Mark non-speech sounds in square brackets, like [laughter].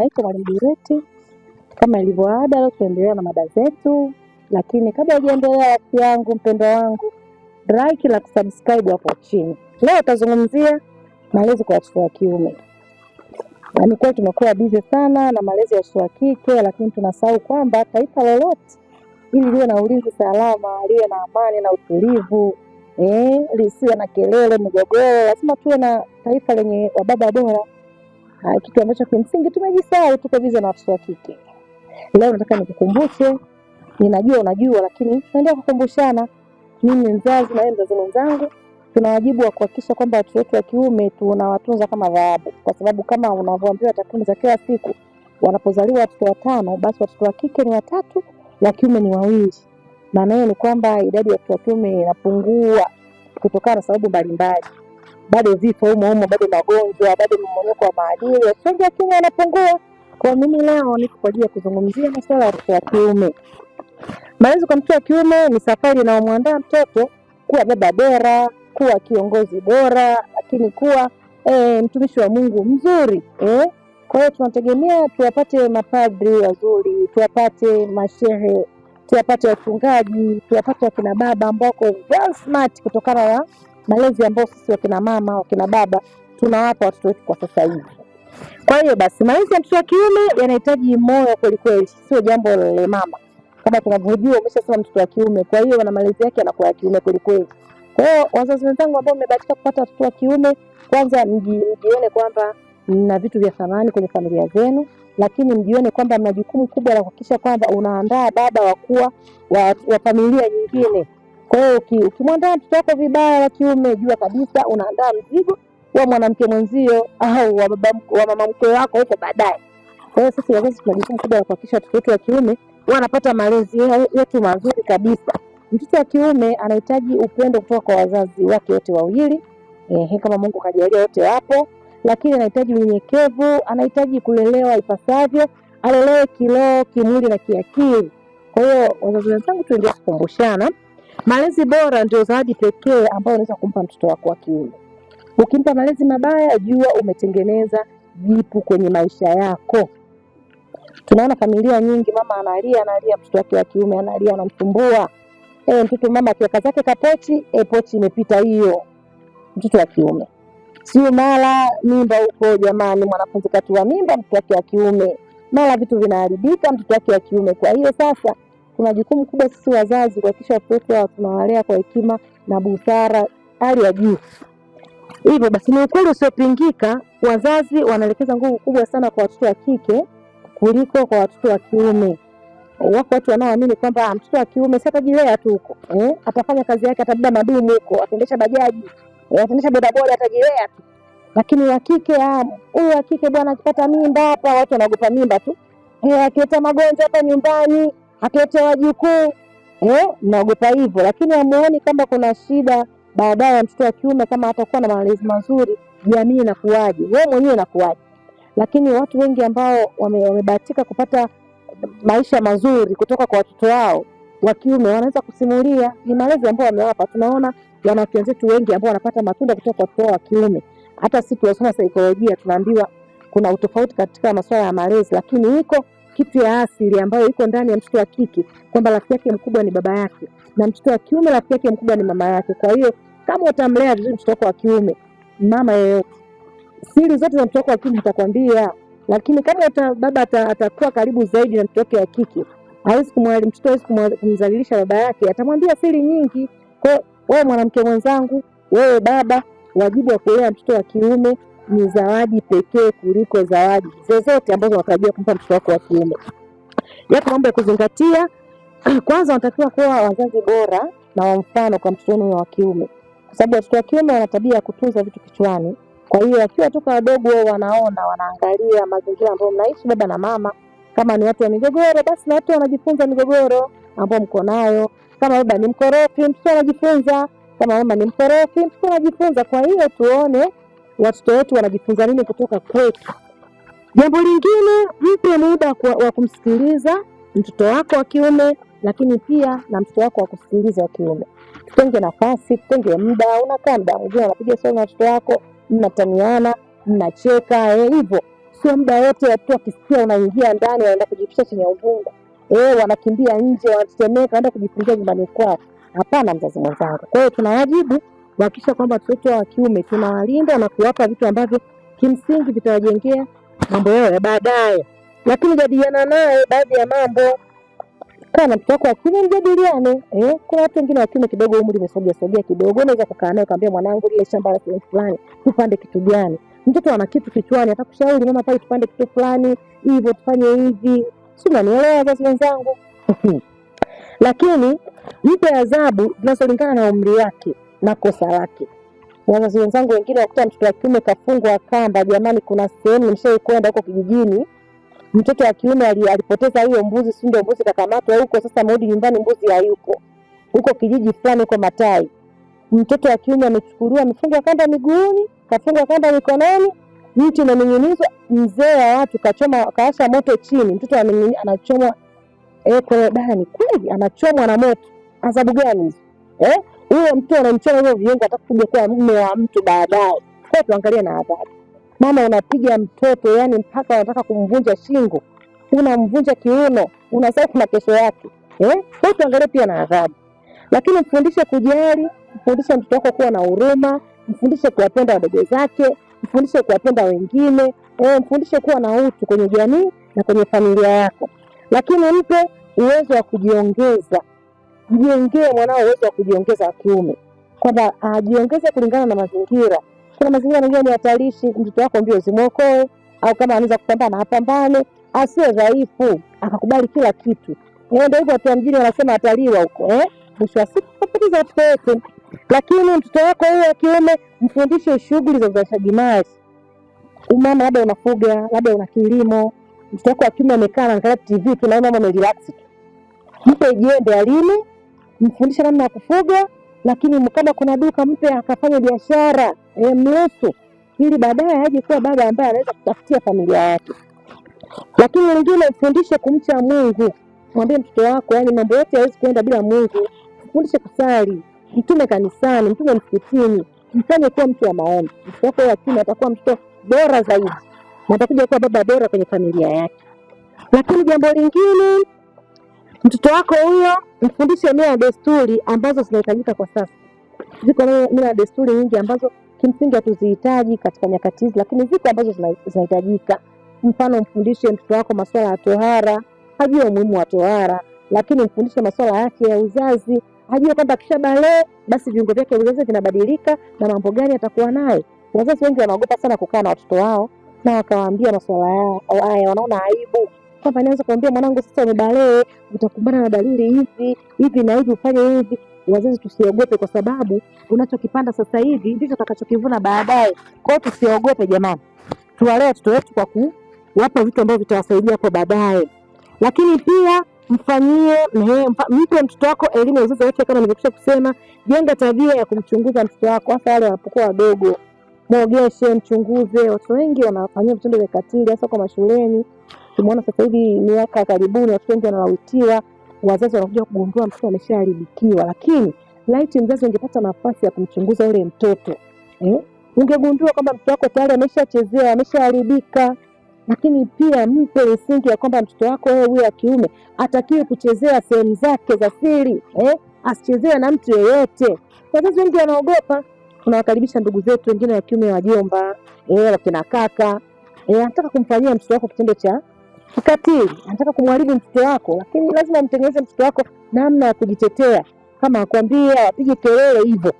naitwa Mwalimu Direti. Kama ilivyo ada, leo tunaendelea na mada zetu, lakini kabla hujaendelea, rafiki yangu mpendwa wangu, like na kusubscribe hapo chini. Leo tutazungumzia malezi kwa watoto wa kiume. Yaani kwa tumekuwa busy sana na malezi ya watoto wa kike, lakini tunasahau kwamba taifa lolote ili liwe na ulinzi salama, liwe na amani na utulivu eh, lisiwe na kelele, migogoro, lazima tuwe na taifa lenye wababa bora kitu ambacho kimsingi tumejisahau, tuko bize na watoto wa kike. Leo nataka nikukumbushe, ninajua unajua, lakini naendelea kukumbushana. Mimi mzazi na wewe mzazi mwenzangu, tuna wajibu wa kuhakikisha kwamba watoto wetu wa kiume tunawatunza kama dhahabu, kwa sababu kama unavyoambiwa takwimu za kila siku, wanapozaliwa watoto watano, basi watoto wa kike ni watatu, na kiume ni wawili. Maana hiyo ni kwamba idadi ya watoto wa kiume inapungua kutokana na sababu mbalimbali bado vifo humo humo, bado magonjwa, bado mmonyoko wa maadili, wengi wa kiume wanapungua. Kwa mimi leo niko kwa ajili ya kuzungumzia masuala ya mtoto wa kiume. Malezi kwa mtoto wa kiume ni safari inayomwandaa mtoto kuwa baba bora, kuwa kiongozi bora, lakini kuwa e, mtumishi wa Mungu mzuri e? Kwa hiyo tunategemea tuwapate mapadri wazuri, tuwapate mashehe, tuwapate wachungaji, tuwapate wakina baba ambao wako very smart kutokana na malezi ambayo sisi wakina mama wakina baba tunawapa watoto wetu kwa sasa hivi. Kwa hiyo basi malezi ya mtoto wa kiume yanahitaji moyo kweli kweli, sio jambo la mama kama tunavyojua, umeshasema mtoto wa kiume, kwa hiyo na malezi yake yanakuwa ya kiume kweli kweli. Kwa hiyo wazazi wenzangu ambao mmebahatika kupata watoto wa kiume, kwanza mjione kwamba mna vitu vya thamani kwenye familia zenu, lakini mjione kwamba mna jukumu kubwa la kuhakikisha kwamba unaandaa baba wa kuwa wa, wa familia nyingine kwa hiyo ukimwandaa mtoto wako vibaya wa kiume, jua kabisa unaandaa mzigo wa mwanamke mwenzio au wa mama mkwe wako huko baadaye. Kwa hiyo sisi wazazi tuna jukumu kubwa la kuhakikisha watoto wetu wa kiume wanapata malezi yetu mazuri kabisa. Mtoto wa kiume anahitaji upendo kutoka kwa wazazi wake wote wawili, ehe, kama Mungu kajalia wote wapo, lakini anahitaji unyenyekevu, anahitaji kulelewa ipasavyo, alelewe kiroho, kimwili na kiakili. Kwa hiyo wazazi wenzangu, tuendelee kukumbushana Malezi bora ndio zawadi pekee ambayo unaweza kumpa mtoto wako wa kiume. Ukimpa malezi mabaya, jua umetengeneza jipu kwenye maisha yako. Tunaona familia nyingi, mama analia analia, mtoto wake wa kiume analia, anamsumbua. E, mtoto mama kiaka zake kapochi, e, pochi imepita hiyo. Mtoto wa kiume sio mara mimba huko, jamani, mwanafunzi kati wa mimba, mtoto wake wa kiume mara vitu vinaharibika, mtoto wake wa kiume. Kwa hiyo sasa kuna jukumu kubwa sisi wazazi kuhakikisha watoto wao tunawalea kwa hekima na busara hali ya juu. Hivyo basi, ni ukweli usiopingika, wazazi wanaelekeza nguvu kubwa sana kwa watoto wa kike kuliko kwa watoto wa kiume. Wako watu wanaoamini kwamba ah, mtoto wa kiume si atajilea tu huko eh, atafanya kazi yake, atabeba madumu huko, ataendesha bajaji, eh, ataendesha bodaboda, atajilea tu. Lakini wa kike, ah, huyu wa kike bwana akipata mimba hapa, watu wanaogopa mimba tu, akileta magonjwa hapa nyumbani atete wajukuu eh, naogopa hivyo, lakini hamuoni kama kuna shida baadaye ya mtoto wa kiume kama atakuwa na malezi mazuri, jamii inakuwaje, wewe mwenyewe inakuwaje? Lakini watu wengi ambao wamebahatika wame kupata maisha mazuri kutoka kwa watoto wao wa kiume wanaweza kusimulia ni malezi ambayo wamewapa. Tunaona wanawake wenzetu wengi ambao wanapata matunda kutoka kwa watoto wa kiume. Hata sisi tunasoma saikolojia, tunaambiwa kuna utofauti katika masuala ya malezi, lakini iko kitu ya asili ambayo iko ndani ya mtoto wa kike kwamba rafiki yake mkubwa ni baba yake na mtoto wa kiume rafiki yake mkubwa ni mama yake. Kwa hiyo kama utamlea vizuri mtoto wako wa kiume, mama yeyote, siri zote za mtoto wako wa kiume atakwambia, lakini kama uta, baba atakuwa karibu zaidi na mtoto wake wa kike, hawezi kumwali mtoto, hawezi kumdhalilisha baba yake, atamwambia siri nyingi. Kwa wewe mwanamke mwenzangu, wewe baba, wajibu wa kulea mtoto wa kiume ni zawadi pekee kuliko zawadi zozote ambazo unatarajia kumpa mtoto wako wa kiume. Yapo mambo ya kuzingatia. [clears throat] Kwanza, wanatakiwa kuwa wazazi bora na wa mfano kwa mtoto wenu wa kiume, kwa sababu watoto wa kiume wana tabia ya kutunza vitu kichwani. Kwa hiyo wakiwa toka wadogo wanaona, wanaangalia mazingira ambayo mnaishi baba na mama. Kama ni watu wa migogoro, basi na watu wanajifunza migogoro ambao mko nayo. Kama baba ni mkorofi, mtoto anajifunza. Kama mama ni mkorofi, mtoto anajifunza. Kwa hiyo tuone watoto wetu wanajifunza nini kutoka kwetu. Jambo lingine, mpe muda wa kumsikiliza mtoto wako wa kiume, lakini pia na mtoto wako wa kusikiliza wa kiume. Tutenge nafasi, tutenge muda. Unakaa muda mwingine unapiga stori na mtoto wako, mnataniana, mnacheka eh, hivyo eh, sio muda wote watu wakisikia unaingia ndani wanaenda kujificha chenye uvungu eh, wanakimbia nje, wanatetemeka, wanaenda kujifungia nyumbani kwao. Hapana mzazi mwenzangu. Kwa hiyo tuna wajibu kuhakikisha kwamba watoto wa kiume tunawalinda na kuwapa vitu ambavyo kimsingi vitawajengea mambo yao ya baadaye. Lakini jadiliana naye baadhi ya mambo kaa na mtoto wako wa kiume mjadiliane. Eh, kuna watu wengine wa kiume kidogo umri umesogea sogea kidogo, unaweza kukaa naye ukamwambia, mwanangu, lile shamba la sehemu fulani tupande kitu gani? Mtoto ana kitu kichwani, atakushauri mama, pale tupande kitu fulani, hivyo tufanye hivi, si unanielewa wazazi wenzangu? [laughs] Lakini mpe adhabu zinazolingana na umri wake na kosa lake. Wazazi wenzangu wengine wakuta mtoto wa kiume kafungwa kamba. Jamani, kuna sehemu nimeshawahi kwenda huko kijijini, mtoto wa kiume alipoteza hiyo mbuzi, si ndio? Mbuzi kakamatwa huko, sasa amerudi nyumbani, mbuzi hayuko huko kijiji fulani huko Matai. Mtoto wa kiume amechukuliwa, amefungwa kamba miguuni, kafungwa kamba mikononi, mti umening'inizwa, Mzee wa watu kachoma, kaasha moto chini, mtoto anachomwa eh, dani Kweli anachomwa na moto, adhabu gani hizo eh? Ule mtu anamchana hivyo viungo atakuja kuwa mme wa mtu baadaye. Kwa tuangalia na adhabu. Mama unapiga mtoto yani mpaka unataka kumvunja shingo, unamvunja kiuno, unasahau kuna kesho yake. Eh? Kwa tuangalie pia na adhabu. Lakini mfundishe kujali, mfundishe mtoto wako kuwa na huruma, mfundishe kuwapenda wadogo zake, mfundishe kuwapenda wengine, eh, mfundishe kuwa na utu kwenye jamii na kwenye familia yako. Lakini mpe uwezo wa kujiongeza mjengee mwanao uwezo wa kujiongeza wa kiume, kwamba ajiongeze kulingana na mazingira. Kuna mazingira mengine ni hatarishi, mtoto wako ndio zimwokoe, au kama anaweza kupambana apambane, asiwe dhaifu, akakubali kila kitu. Ndo hivyo, watu wa mjini wanasema ataliwa huko, eh, mwisho wa siku kapoteza watoto wetu. Lakini mtoto wako huyo wa kiume mfundishe shughuli za uzalishaji mali. Umama labda unafuga, labda una kilimo. Mtoto wako wa kiume amekaa anaangalia TV tu, naona mama amerelax tu, mpe jembe alime mfundishe namna ya kufuga, lakini kama kuna duka mpe akafanya biashara e, mruhusu ili baadaye aje kuwa baba ambaye anaweza kutafutia familia yake. Lakini lingine mfundishe kumcha Mungu, mwambie mtoto wako, yani mambo yote hawezi kuenda bila Mungu. Mfundishe kusali, mtume kanisani, mtume msikitini, mfanye kuwa mtu wa maombi. Mtoto wako wa atakuwa mtoto bora zaidi na atakuja kuwa baba bora kwenye familia yake. Lakini jambo lingine mtoto wako huyo, mfundishe mila na desturi ambazo zinahitajika kwa sasa. Ziko mila na desturi nyingi ambazo kimsingi hatuzihitaji katika nyakati hizi, lakini ziko ambazo zinahitajika. Mfano, mfundishe mtoto wako masuala ya tohara, hajue umuhimu wa tohara, lakini mfundishe masuala yake ya uzazi, hajue kwamba kisha balee basi viungo vyake uzazi vinabadilika na mambo gani atakuwa naye. Wazazi wengi wanaogopa sana kukaa na watoto wao na wakawaambia masuala haya, wanaona aibu kwamba nianze kumwambia mwanangu, sasa ni balee, utakumbana na dalili hizi hivi na hivi, ufanye hivi. Wazazi tusiogope, kwa sababu unachokipanda sasa hivi ndicho utakachokivuna baadaye. Kwa hiyo tusiogope jamani, tuwalee watoto wetu kwa kuwapa vitu ambavyo vitawasaidia hapo baadaye, lakini pia mfanyie mpe mtoto wako elimu ya uzazi wake. Kama nilivyokwisha kusema, jenga tabia ya kumchunguza mtoto wako, hasa wale wanapokuwa wadogo. Mwogeshe, mchunguze. Watu wengi wanafanyia vitendo vya katili, hasa kwa mashuleni. Tumeona sasa hivi miaka ya karibuni watoto wengi wanalawitiwa, wazazi wanakuja kugundua mtoto ameshaharibikiwa. Lakini laiti mzazi ungepata nafasi ya kumchunguza yule mtoto eh, ungegundua kwamba mtoto wako tayari ameshachezea, ameshaharibika. Lakini pia mpe misingi ya kwamba mtoto wako wewe, huyo wa kiume, atakiwe kuchezea sehemu zake za siri eh, asichezee na mtu yeyote. Wazazi wengi wanaogopa. Tunawakaribisha ndugu zetu wengine wa kiume, wajomba eh, wakina kaka eh, anataka kumfanyia mtoto wako kitendo cha kikatili, anataka kumharibu mtoto wako, lakini lazima umtengeneze mtoto wako namna ya kujitetea, kama akwambia apige kelele hivyo.